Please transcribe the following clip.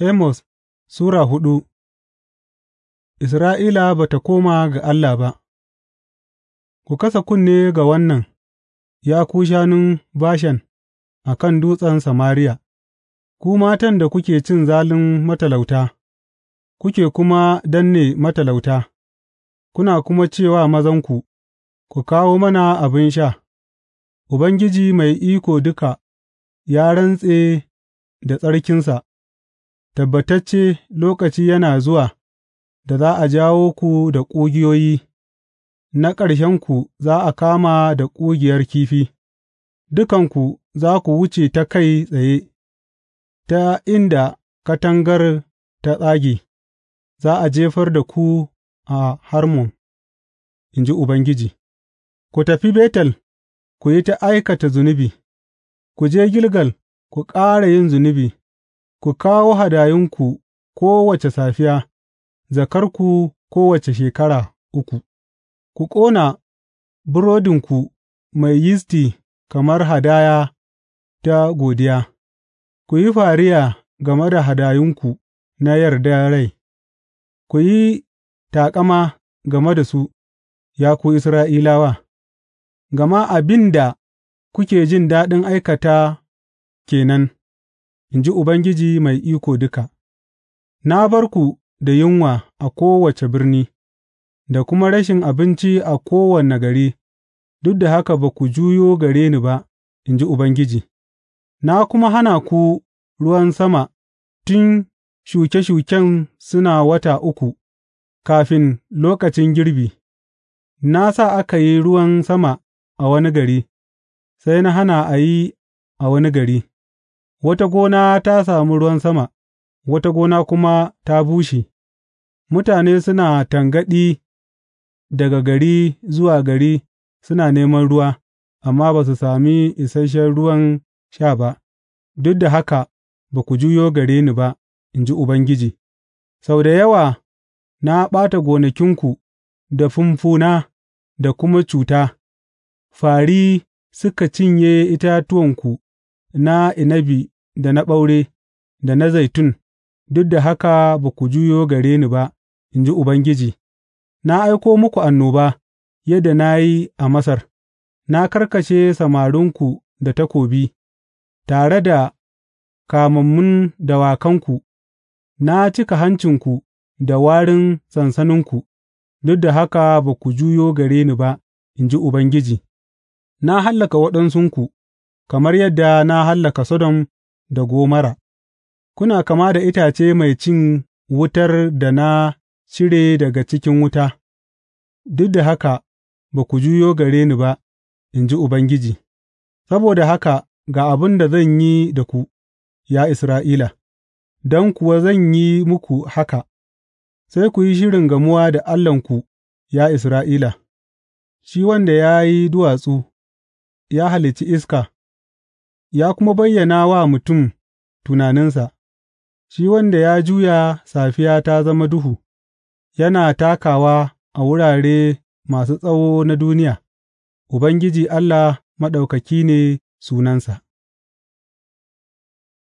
Amos Sura hudu Isra'ila ba ta koma ga Allah ba Ku kasa kunne ga wannan, ya ku shanun Bashan a kan dutsen Samariya, ku matan da kuke cin zalin matalauta, kuke kuma danne matalauta, kuna kuma cewa mazanku, Ku kawo mana abin sha, Ubangiji Mai Iko Duka ya rantse da tsarkinsa. Tabbatacce lokaci yana zuwa da za a jawo ku da ƙugiyoyi, na ƙarshenku za a kama da ƙugiyar kifi; dukanku za ku wuce ta kai tsaye, ta inda katangar ta tsage, za a jefar da ku a Harmon, in ji Ubangiji, Ku tafi Betel ku yi ta aikata zunubi; ku je Gilgal ku ƙara yin zunubi. Ku kawo hadayunku kowace safiya, zakarku kowace shekara uku, ku ƙona burodinku mai yisti kamar hadaya ta godiya, ku yi fariya game da hadayunku na yarda rai, ku yi taƙama game da su, ya ku Isra'ilawa, gama abin da kuke jin daɗin aikata kenan. nan. in ji Ubangiji Mai Iko Duka, na bar ku da yunwa a kowace birni, da kuma rashin abinci a kowane gari, duk da haka ba ku juyo gare ni ba, in ji Ubangiji, na kuma hana ku ruwan sama tun shuke-shuken suna wata uku kafin lokacin girbi, na sa aka yi ruwan sama a wani gari, sai na hana a yi a wani gari. wata gona ta sami ruwan sama, wata gona kuma ta bushe, mutane suna tangaɗi daga gari zuwa gari suna neman ruwa, amma ba su sami isasshen ruwan sha ba, duk da haka ba ku juyo gare ni ba, in ji Ubangiji, sau da yawa na ɓata gonakinku da fumfuna da kuma cuta, fari suka cinye itatuwanku na inabi da na ɓaure, da na zaitun, duk da haka ba ku juyo gare ni ba, in ji Ubangiji, na aiko muku annoba, yadda na yi a Masar, na karkashe samarinku da takobi, tare da kamammun dawakanku, na cika hancinku da warin sansaninku, duk da haka ba ku juyo gare ni ba, in ji Ubangiji, na hallaka waɗansunku, kamar yadda na hallaka Sodom da gomara kuna kama da itace mai cin wutar da na cire daga cikin wuta, duk da haka ba ku juyo gare ni ba, in ji Ubangiji, saboda haka ga abin da zan yi da ku, ya Isra'ila, don kuwa zan yi muku haka, sai ku yi shirin gamuwa da Allahnku, ya Isra'ila, shi wanda ya yi duwatsu, ya halicci iska. ya kuma bayyana wa mutum tunaninsa, shi wanda ya juya safiya ta zama duhu, yana takawa a wurare masu tsawo na duniya; Ubangiji Allah Maɗaukaki ne sunansa.